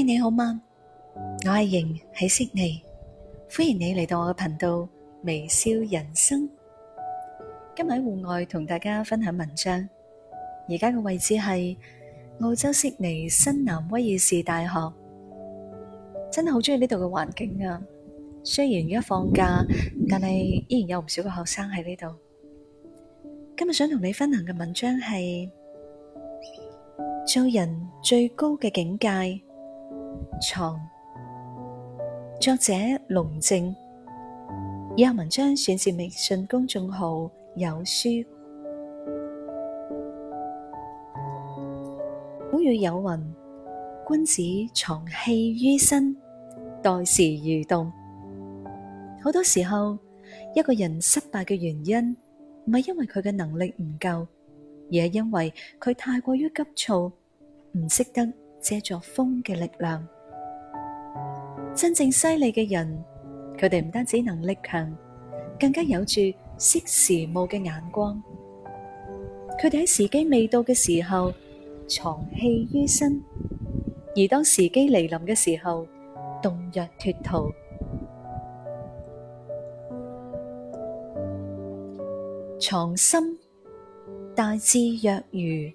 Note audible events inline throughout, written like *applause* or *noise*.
Hey, 你好嗎？我係瑩喺悉尼，歡迎你嚟到我嘅頻道微笑人生。今日喺戶外同大家分享文章。而家嘅位置係澳洲悉尼新南威爾士大學，真係好中意呢度嘅環境啊。雖然而家放假，但係依然有唔少嘅學生喺呢度。今日想同你分享嘅文章係做人最高嘅境界。藏。作者龍靜，以下文章選自微信公眾號有書。古語有云：君子藏器於身，待時而動。好多時候，一個人失敗嘅原因唔係因為佢嘅能力唔夠，而係因為佢太過於急躁，唔識得。借助風嘅力量，真正犀利嘅人，佢哋唔單止能力強，更加有住識時務嘅眼光。佢哋喺時機未到嘅時候藏器於身，而當時機來臨嘅時候，動若脱兔。藏心大智若愚。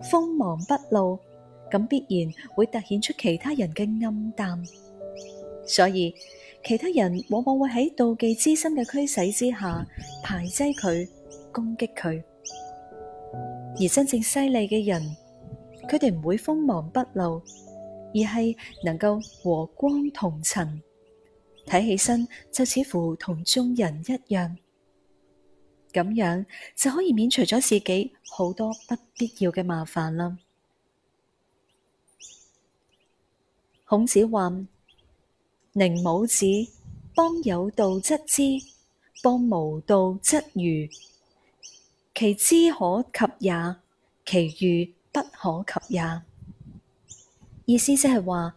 鋒芒不露，咁必然會突顯出其他人嘅暗淡，所以其他人往往會喺妒忌之心嘅驅使之下排擠佢、攻擊佢。而真正犀利嘅人，佢哋唔會鋒芒不露，而係能夠和光同塵，睇起身就似乎同眾人一樣。咁樣就可以免除咗自己好多不必要嘅麻煩啦。孔子話：寧武子，邦有道則知，邦無道則愚。其知可及也，其愚不可及也。意思即係話，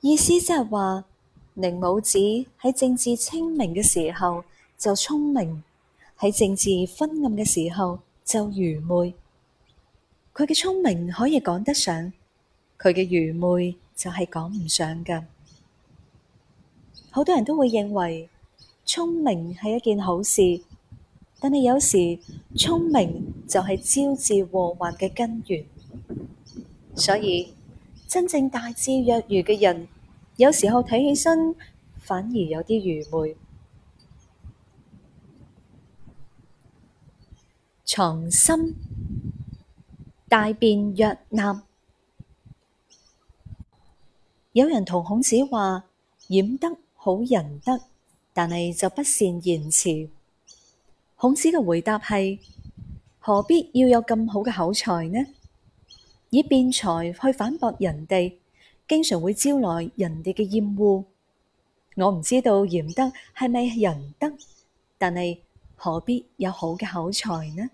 意思即係話，寧武子喺政治清明嘅時候就聰明。喺政治昏暗嘅時候就愚昧，佢嘅聰明可以講得上，佢嘅愚昧就係講唔上㗎。好多人都會認為聰明係一件好事，但係有時聰明就係招致禍患嘅根源。所以真正大智若愚嘅人，有時候睇起身反而有啲愚昧。藏心大辯若訥，有人同孔子話：，掩得好仁德，但係就不善言辭。孔子嘅回答係：，何必要有咁好嘅口才呢？以辯才去反駁人哋，經常會招來人哋嘅厭惡。我唔知道掩德係咪仁德，但係何必有好嘅口才呢？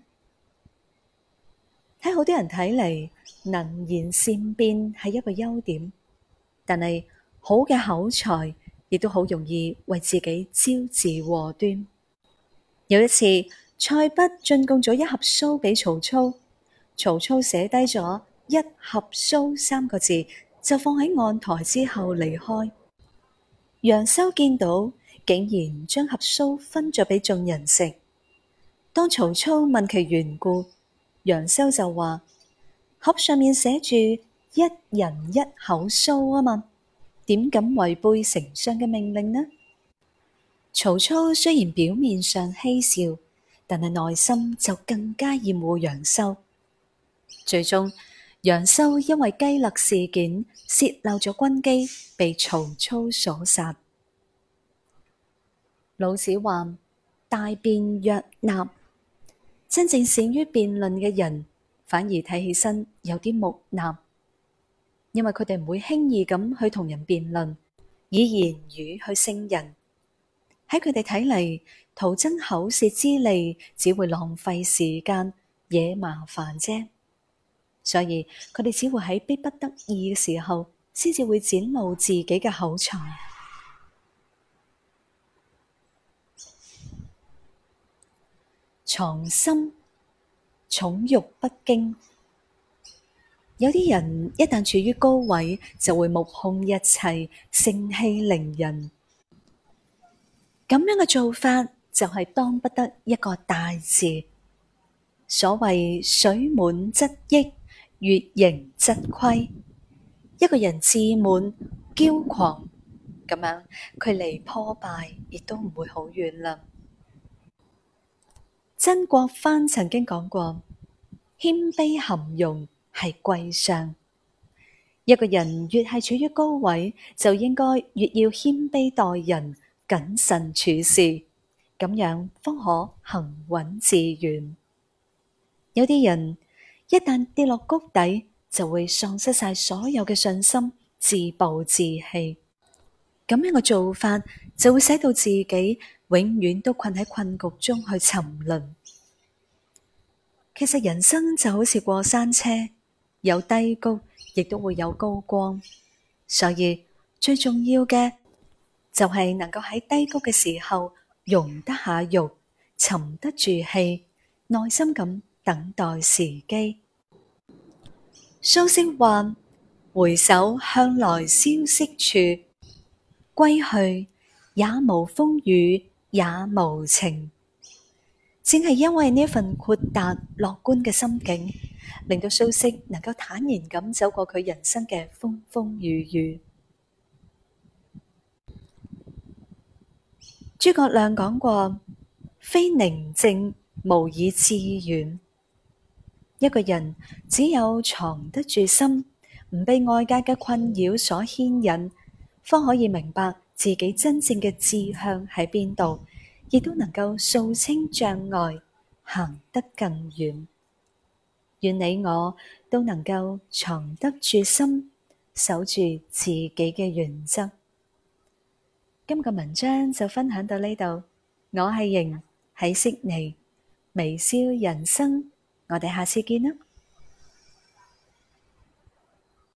喺好多人睇嚟，能言善辯係一個優點，但係好嘅口才亦都好容易為自己招致禍端。有一次，塞北進貢咗一盒酥俾曹操，曹操寫低咗一盒酥三個字，就放喺案台之後離開。楊修見到，竟然將盒酥分咗俾眾人食。當曹操問其緣故。楊修就話：盒上面寫住一人一口酥啊嘛，點敢違背丞相嘅命令呢？曹操雖然表面上嬉笑，但係內心就更加厭惡楊修。最終，楊修因為雞肋事件洩漏咗軍機，被曹操所殺。老子話：大辯若訥。真正善於辯論嘅人，反而睇起身有啲木訥，因為佢哋唔會輕易咁去同人辯論，以言語去勝人。喺佢哋睇嚟，徒增口舌之利，只會浪費時間惹麻煩啫。所以佢哋只會喺逼不得已嘅時候，先至會展露自己嘅口才。藏心，寵辱不驚。有啲人一旦處於高位，就會目空一切，盛氣凌人。咁樣嘅做法就係當不得一個大字。所謂水滿則溢，月盈則虧。一個人自滿驕狂，咁樣距離破敗亦都唔會好遠啦。曾國藩曾經講過：謙卑含容係貴相。一個人越係處於高位，就應該越要謙卑待人、謹慎處事，咁樣方可行穩致遠。有啲人一旦跌落谷底，就會喪失晒所有嘅信心，自暴自棄。咁樣嘅做法就會使到自己永遠都困喺困局中去沉淪。其實人生就好似過山車，有低谷，亦都會有高光。所以最重要嘅就係能夠喺低谷嘅時候，容得下欲，沉得住氣，耐心咁等待時機。蘇軾話：回首向來蕭瑟處，歸去，也無風雨，也無晴。正係因為呢一份豁達樂觀嘅心境，令到蘇軾能夠坦然咁走過佢人生嘅風風雨雨。諸 *noise* 葛亮講過：非寧靜無以致遠。一個人只有藏得住心，唔被外界嘅困擾所牽引，方可以明白自己真正嘅志向喺邊度。亦都能夠掃清障礙，行得更遠，願你我都能夠藏得住心，守住自己嘅原則。今日文章就分享到呢度，我係瑩喺悉尼微笑人生，我哋下次見啦。